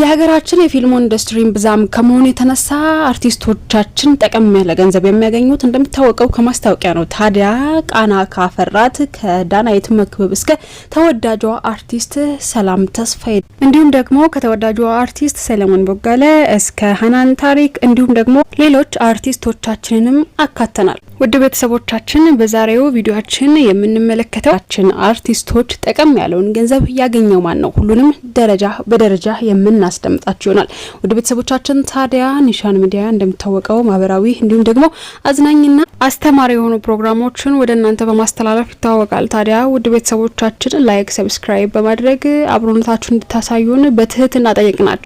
የሀገራችን የፊልሙ ኢንዱስትሪን ብዛም ከመሆኑ የተነሳ አርቲስቶቻችን ጠቀም ያለ ገንዘብ የሚያገኙት እንደሚታወቀው ከማስታወቂያ ነው። ታዲያ ቃና ካፈራት ከዳናይት መክብብ እስከ ተወዳጇ አርቲስት ሰላም ተስፋዬ እንዲሁም ደግሞ ከተወዳጇ አርቲስት ሰለሞን ቦጋለ እስከ ሀናን ታሪክ እንዲሁም ደግሞ ሌሎች አርቲስቶቻችንንም አካተናል። ውድ ቤተሰቦቻችን በዛሬው ቪዲዮችን የምንመለከታችን አርቲስቶች ጠቀም ያለውን ገንዘብ ያገኘው ማን ነው? ሁሉንም ደረጃ በደረጃ የምናስደምጣችሁ ይሆናል። ውድ ቤተሰቦቻችን ታዲያ ኒሻን ሚዲያ እንደሚታወቀው ማህበራዊ እንዲሁም ደግሞ አዝናኝና አስተማሪ የሆኑ ፕሮግራሞችን ወደ እናንተ በማስተላለፍ ይታወቃል። ታዲያ ውድ ቤተሰቦቻችን ላይክ፣ ሰብስክራይብ በማድረግ አብሮነታችሁን እንድታሳዩን በትህትና ጠየቅናችሁ።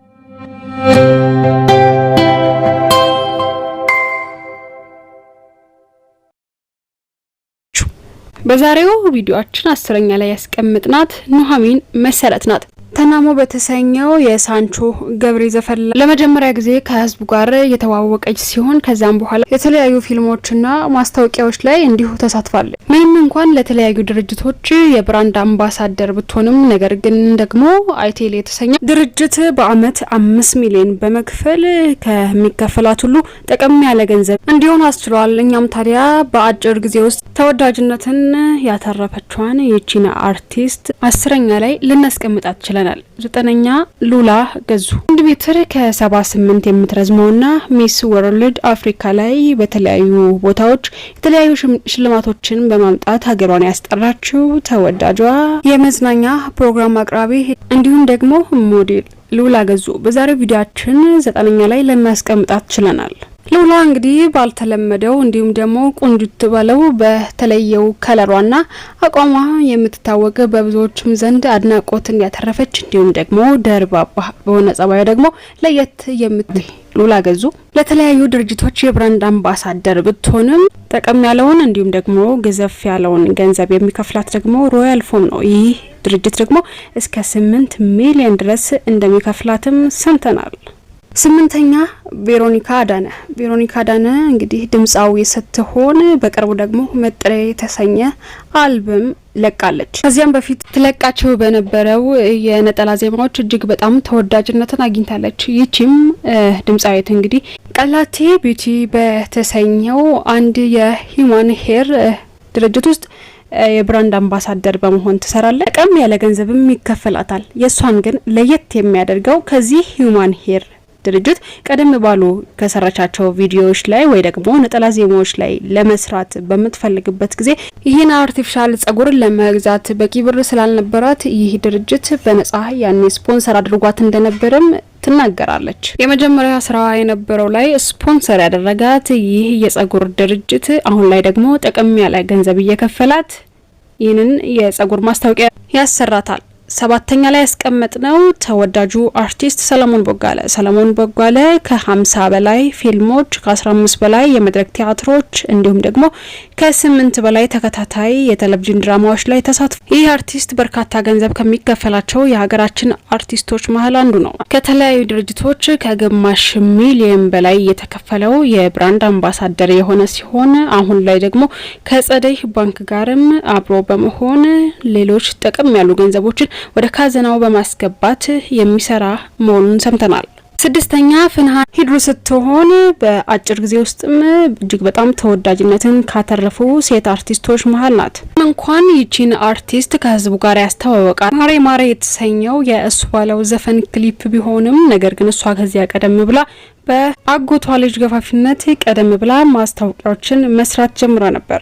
በዛሬው ቪዲዮአችን አስረኛ ላይ ያስቀምጥናት ኑሐሚን መሰረት ናት። ተናሞ በተሰኘው የሳንቾ ገብሬ ዘፈን ለመጀመሪያ ጊዜ ከህዝቡ ጋር የተዋወቀች ሲሆን ከዚያም በኋላ የተለያዩ ፊልሞችና ማስታወቂያዎች ላይ እንዲሁ ተሳትፋለች። ምንም እንኳን ለተለያዩ ድርጅቶች የብራንድ አምባሳደር ብትሆንም ነገር ግን ደግሞ አይቴል የተሰኘ ድርጅት በአመት አምስት ሚሊዮን በመክፈል ከሚከፈላት ሁሉ ጠቀም ያለ ገንዘብ እንዲሆን አስችሏል። እኛም ታዲያ በአጭር ጊዜ ውስጥ ተወዳጅነትን ያተረፈችዋን የቺና አርቲስት አስረኛ ላይ ልናስቀምጣት ችላል። ተመልሰናል። ዘጠነኛ ሉላ ገዙ አንድ ሜትር ከሰባ ስምንት የምትረዝመውና ሚስ ወርልድ አፍሪካ ላይ በተለያዩ ቦታዎች የተለያዩ ሽልማቶችን በማምጣት ሀገሯን ያስጠራችው ተወዳጇ የመዝናኛ ፕሮግራም አቅራቢ እንዲሁም ደግሞ ሞዴል ሉላ ገዙ በዛሬው ቪዲዮችን ዘጠነኛ ላይ ለማስቀምጣት ችለናል። ሉላ እንግዲህ ባልተለመደው እንዲሁም ደግሞ ቁንጅት ባለው በተለየው ከለሯና አቋሟ የምትታወቅ በብዙዎችም ዘንድ አድናቆትን ያተረፈች እንዲሁም ደግሞ ደርባባ በሆነ ጸባዩ ደግሞ ለየት የምትል ሉላ ገዙ ለተለያዩ ድርጅቶች የብራንድ አምባሳደር ብትሆንም ጠቀም ያለውን እንዲሁም ደግሞ ግዘፍ ያለውን ገንዘብ የሚከፍላት ደግሞ ሮያል ፎም ነው። ይህ ድርጅት ደግሞ እስከ ስምንት ሚሊዮን ድረስ እንደሚከፍላትም ሰምተናል። ስምንተኛ ቬሮኒካ አዳነ። ቬሮኒካ አዳነ እንግዲህ ድምፃዊ ስትሆን በቅርቡ ደግሞ መጠሪያ የተሰኘ አልበም ለቃለች። ከዚያም በፊት ትለቃቸው በነበረው የነጠላ ዜማዎች እጅግ በጣም ተወዳጅነትን አግኝታለች። ይቺም ድምፃዊት እንግዲህ ቀላቴ ቢቲ በተሰኘው አንድ የሂማን ሄር ድርጅት ውስጥ የብራንድ አምባሳደር በመሆን ትሰራለች። ቀም ያለ ገንዘብም ይከፈላታል። የእሷን ግን ለየት የሚያደርገው ከዚህ ሂማን ሄር ድርጅት ቀደም ባሉ ከሰራቻቸው ቪዲዮዎች ላይ ወይ ደግሞ ነጠላ ዜማዎች ላይ ለመስራት በምትፈልግበት ጊዜ ይህን አርቲፊሻል ጸጉር ለመግዛት በቂ ብር ስላልነበራት ይህ ድርጅት በነጻ ያኔ ስፖንሰር አድርጓት እንደነበረም ትናገራለች። የመጀመሪያ ስራዋ የነበረው ላይ ስፖንሰር ያደረጋት ይህ የጸጉር ድርጅት አሁን ላይ ደግሞ ጠቀም ያለ ገንዘብ እየከፈላት ይህንን የጸጉር ማስታወቂያ ያሰራታል። ሰባተኛ ላይ ያስቀመጥ ነው ተወዳጁ አርቲስት ሰለሞን ቦጋለ። ሰለሞን ቦጋለ ከ50 በላይ ፊልሞች፣ ከ15 በላይ የመድረክ ቲያትሮች እንዲሁም ደግሞ ከ8 በላይ ተከታታይ የቴሌቪዥን ድራማዎች ላይ ተሳትፎ ይህ አርቲስት በርካታ ገንዘብ ከሚከፈላቸው የሀገራችን አርቲስቶች መሀል አንዱ ነው። ከተለያዩ ድርጅቶች ከግማሽ ሚሊየን በላይ የተከፈለው የብራንድ አምባሳደር የሆነ ሲሆን አሁን ላይ ደግሞ ከጸደይ ባንክ ጋርም አብሮ በመሆን ሌሎች ጥቅም ያሉ ገንዘቦችን ወደ ካዝናው በማስገባት የሚሰራ መሆኑን ሰምተናል። ስድስተኛ ፍንሃ ሂድሩ ስትሆን በአጭር ጊዜ ውስጥም እጅግ በጣም ተወዳጅነትን ካተረፉ ሴት አርቲስቶች መሀል ናት። እንኳን ይቺን አርቲስት ከህዝቡ ጋር ያስተዋወቃል ማሬ ማሬ የተሰኘው የእሱ ባለው ዘፈን ክሊፕ ቢሆንም ነገር ግን እሷ ከዚያ ቀደም ብላ በአጎቷ ልጅ ገፋፊነት ቀደም ብላ ማስታወቂያዎችን መስራት ጀምራ ነበር።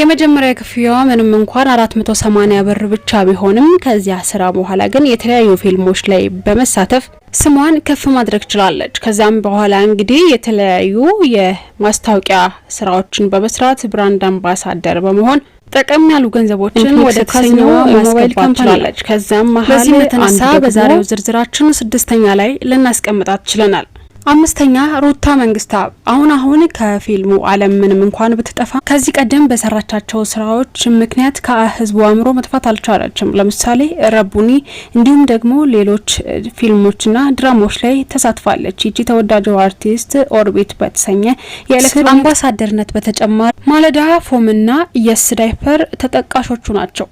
የመጀመሪያ ክፍያዋ ምንም እንኳን 480 ብር ብቻ ቢሆንም ከዚያ ስራ በኋላ ግን የተለያዩ ፊልሞች ላይ በመሳተፍ ስሟን ከፍ ማድረግ ችላለች። ከዛም በኋላ እንግዲህ የተለያዩ የማስታወቂያ ስራዎችን በመስራት ብራንድ አምባሳደር በመሆን ጠቀም ያሉ ገንዘቦችን ወደ ካዝኖ ሞባይል ካምፓኒ ከዛም መሀል በዛሬው ዝርዝራችን ስድስተኛ ላይ ልናስቀምጣት ችለናል። አምስተኛ ሩታ መንግስታ አሁን አሁን ከፊልሙ አለም ምንም እንኳን ብትጠፋ ከዚህ ቀደም በሰራቻቸው ስራዎች ምክንያት ከህዝቡ አእምሮ መጥፋት አልቻለችም። ለምሳሌ ረቡኒ እንዲሁም ደግሞ ሌሎች ፊልሞችና ድራማዎች ላይ ተሳትፋለች። ይቺ ተወዳጀው አርቲስት ኦርቢት በተሰኘ የኤሌክትሪክ አምባሳደርነት በተጨማሪ ማለዳ ፎምና የስ ዳይፐር ተጠቃሾቹ ናቸው።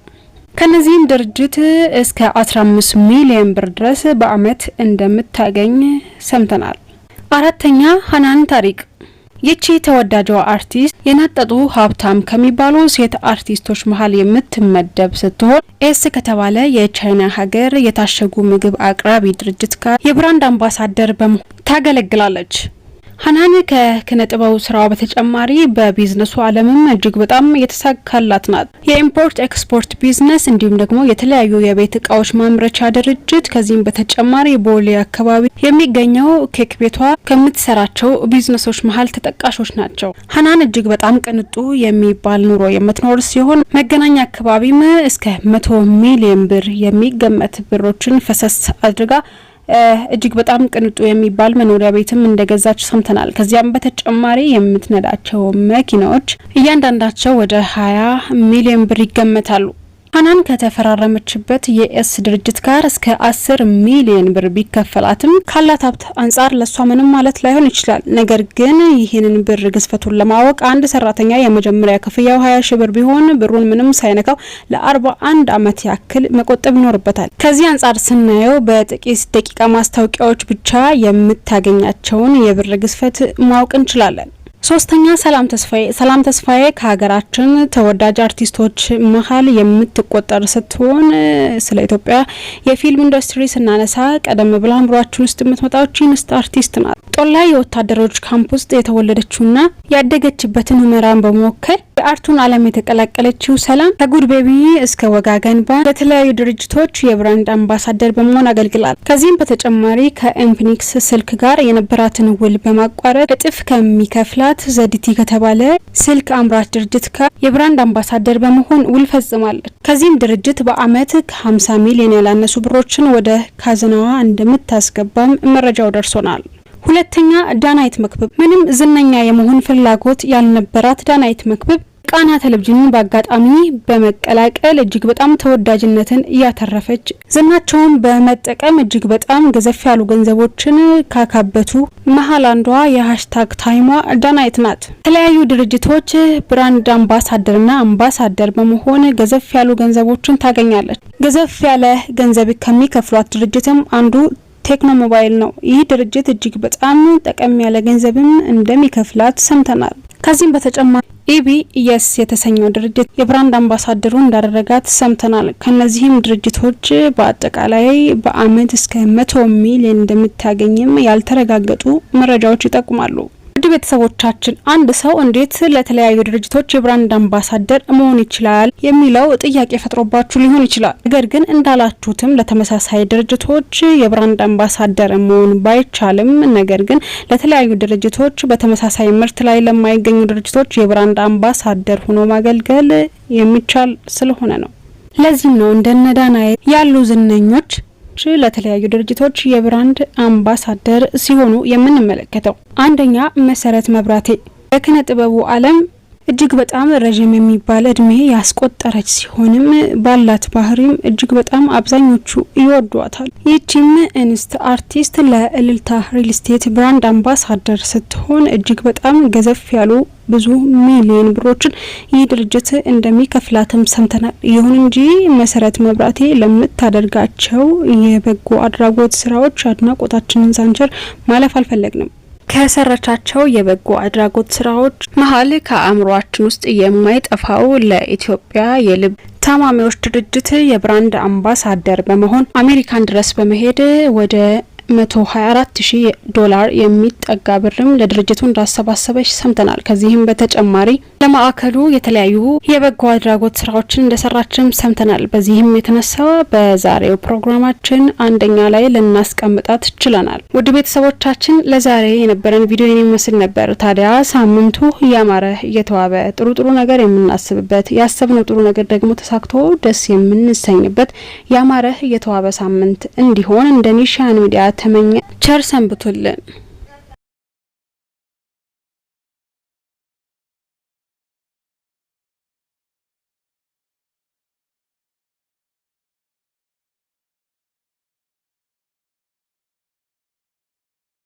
ከነዚህም ድርጅት እስከ 15 ሚሊዮን ብር ድረስ በአመት እንደምታገኝ ሰምተናል። አራተኛ ሀናን ታሪቅ ይቺ ተወዳጇ አርቲስት የናጠጡ ሀብታም ከሚባሉ ሴት አርቲስቶች መሀል የምትመደብ ስትሆን ኤስ ከተባለ የቻይና ሀገር የታሸጉ ምግብ አቅራቢ ድርጅት ጋር የብራንድ አምባሳደር በመሆን ታገለግላለች። ሀናን ከኪነ ስራዋ በተጨማሪ በቢዝነሱ አለምም እጅግ በጣም የተሳካላት ናት። የኢምፖርት ኤክስፖርት ቢዝነስ እንዲሁም ደግሞ የተለያዩ የቤት እቃዎች ማምረቻ ድርጅት፣ ከዚህም በተጨማሪ ቦሌ አካባቢ የሚገኘው ኬክ ቤቷ ከምትሰራቸው ቢዝነሶች መሀል ተጠቃሾች ናቸው። ሀናን እጅግ በጣም ቅንጡ የሚባል ኑሮ የምትኖር ሲሆን መገናኛ አካባቢም እስከ መቶ ሚሊዮን ብር የሚገመት ብሮችን ፈሰስ አድርጋ እጅግ በጣም ቅንጡ የሚባል መኖሪያ ቤትም እንደገዛች ሰምተናል። ከዚያም በተጨማሪ የምትነዳቸው መኪናዎች እያንዳንዳቸው ወደ ሀያ ሚሊዮን ብር ይገመታሉ። ሀናን ከተፈራረመችበት የኤስ ድርጅት ጋር እስከ አስር ሚሊዮን ብር ቢከፈላትም ካላት ሀብት አንጻር ለእሷ ምንም ማለት ላይሆን ይችላል። ነገር ግን ይህንን ብር ግዝፈቱን ለማወቅ አንድ ሰራተኛ የመጀመሪያ ክፍያው ሀያ ሺ ብር ቢሆን ብሩን ምንም ሳይነካው ለአርባ አንድ አመት ያክል መቆጠብ ይኖርበታል። ከዚህ አንጻር ስናየው በጥቂት ደቂቃ ማስታወቂያዎች ብቻ የምታገኛቸውን የብር ግዝፈት ማወቅ እንችላለን። ሶስተኛ ሰላም ተስፋዬ። ሰላም ተስፋዬ ከሀገራችን ተወዳጅ አርቲስቶች መሀል የምትቆጠር ስትሆን ስለ ኢትዮጵያ የፊልም ኢንዱስትሪ ስናነሳ ቀደም ብላ አእምሯችን ውስጥ የምትመጣዎች ንስት አርቲስት ናት። ጦላ የወታደሮች ካምፕ ውስጥ የተወለደችውና ያደገችበትን ሁመራን በመወከል የአርቱን ዓለም የተቀላቀለችው ሰላም ከጉድ ቤቢ እስከ ወጋገን ባንክ ለተለያዩ ድርጅቶች የብራንድ አምባሳደር በመሆን አገልግላል። ከዚህም በተጨማሪ ከኢንፊኒክስ ስልክ ጋር የነበራትን ውል በማቋረጥ እጥፍ ከሚከፍላል ሰዓት ዘዲቲ ከተባለ ስልክ አምራች ድርጅት ጋር የብራንድ አምባሳደር በመሆን ውል ፈጽማለች። ከዚህም ድርጅት በአመት ከ50 ሚሊዮን ያላነሱ ብሮችን ወደ ካዝናዋ እንደምታስገባም መረጃው ደርሶናል። ሁለተኛ ዳናይት መክብብ። ምንም ዝነኛ የመሆን ፍላጎት ያልነበራት ዳናይት መክብብ ቃና ቴሌቪዥንን በአጋጣሚ በመቀላቀል እጅግ በጣም ተወዳጅነትን እያተረፈች ዝናቸውን በመጠቀም እጅግ በጣም ገዘፍ ያሉ ገንዘቦችን ካካበቱ መሀል አንዷ የሀሽታግ ታይሟ ዳናይት ናት። የተለያዩ ድርጅቶች ብራንድ አምባሳደርና አምባሳደር በመሆን ገዘፍ ያሉ ገንዘቦችን ታገኛለች። ገዘፍ ያለ ገንዘብ ከሚከፍሏት ድርጅትም አንዱ ቴክኖ ሞባይል ነው። ይህ ድርጅት እጅግ በጣም ጠቀም ያለ ገንዘብም እንደሚከፍላት ሰምተናል። ከዚህም በተጨማሪ ኢቢኤስ የተሰኘው ድርጅት የብራንድ አምባሳደሩ እንዳደረጋት ሰምተናል። ከነዚህም ድርጅቶች በአጠቃላይ በአመት እስከ መቶ ሚሊዮን እንደምታገኝም ያልተረጋገጡ መረጃዎች ይጠቁማሉ። ውድ ቤተሰቦቻችን አንድ ሰው እንዴት ለተለያዩ ድርጅቶች የብራንድ አምባሳደር መሆን ይችላል የሚለው ጥያቄ ፈጥሮባችሁ ሊሆን ይችላል። ነገር ግን እንዳላችሁትም ለተመሳሳይ ድርጅቶች የብራንድ አምባሳደር መሆን ባይቻልም፣ ነገር ግን ለተለያዩ ድርጅቶች በተመሳሳይ ምርት ላይ ለማይገኙ ድርጅቶች የብራንድ አምባሳደር ሆኖ ማገልገል የሚቻል ስለሆነ ነው። ለዚህም ነው እንደነ ያሉ ዝነኞች ች ለተለያዩ ድርጅቶች የብራንድ አምባሳደር ሲሆኑ የምንመለከተው አንደኛ መሰረት መብራቴ በኪነ ጥበቡ ዓለም እጅግ በጣም ረዥም የሚባል እድሜ ያስቆጠረች ሲሆንም ባላት ባህሪም እጅግ በጣም አብዛኞቹ ይወዷታል። ይህችም እንስት አርቲስት ለእልልታ ሪል ስቴት ብራንድ አምባሳደር ስትሆን እጅግ በጣም ገዘፍ ያሉ ብዙ ሚሊዮን ብሮችን ይህ ድርጅት እንደሚከፍላትም ሰምተናል። ይሁን እንጂ መሰረት መብራቴ ለምታደርጋቸው የበጎ አድራጎት ስራዎች አድናቆታችንን ሳንቸር ማለፍ አልፈለግንም። ከሰራቻቸው የበጎ አድራጎት ስራዎች መሀል ከአእምሯችን ውስጥ የማይጠፋው ለኢትዮጵያ የልብ ታማሚዎች ድርጅት የብራንድ አምባሳደር በመሆን አሜሪካን ድረስ በመሄድ ወደ 124 ዶላር የሚጠጋ ብርም ለድርጅቱ እንዳሰባሰበች ሰምተናል። ከዚህም በተጨማሪ ለማዕከሉ የተለያዩ የበጎ አድራጎት ስራዎችን እንደሰራችም ሰምተናል። በዚህም የተነሳ በዛሬው ፕሮግራማችን አንደኛ ላይ ልናስቀምጣት ችለናል። ውድ ቤተሰቦቻችን ለዛሬ የነበረን ቪዲዮ የሚመስል ነበር። ታዲያ ሳምንቱ እያማረ እየተዋበ ጥሩ ጥሩ ነገር የምናስብበት ያሰብነው ጥሩ ነገር ደግሞ ተሳክቶ ደስ የምንሰኝበት ያማረ እየተዋበ ሳምንት እንዲሆን እንደ ኒሻን ሚዲያ ተመኘ። ቸር ሰንብቱልን።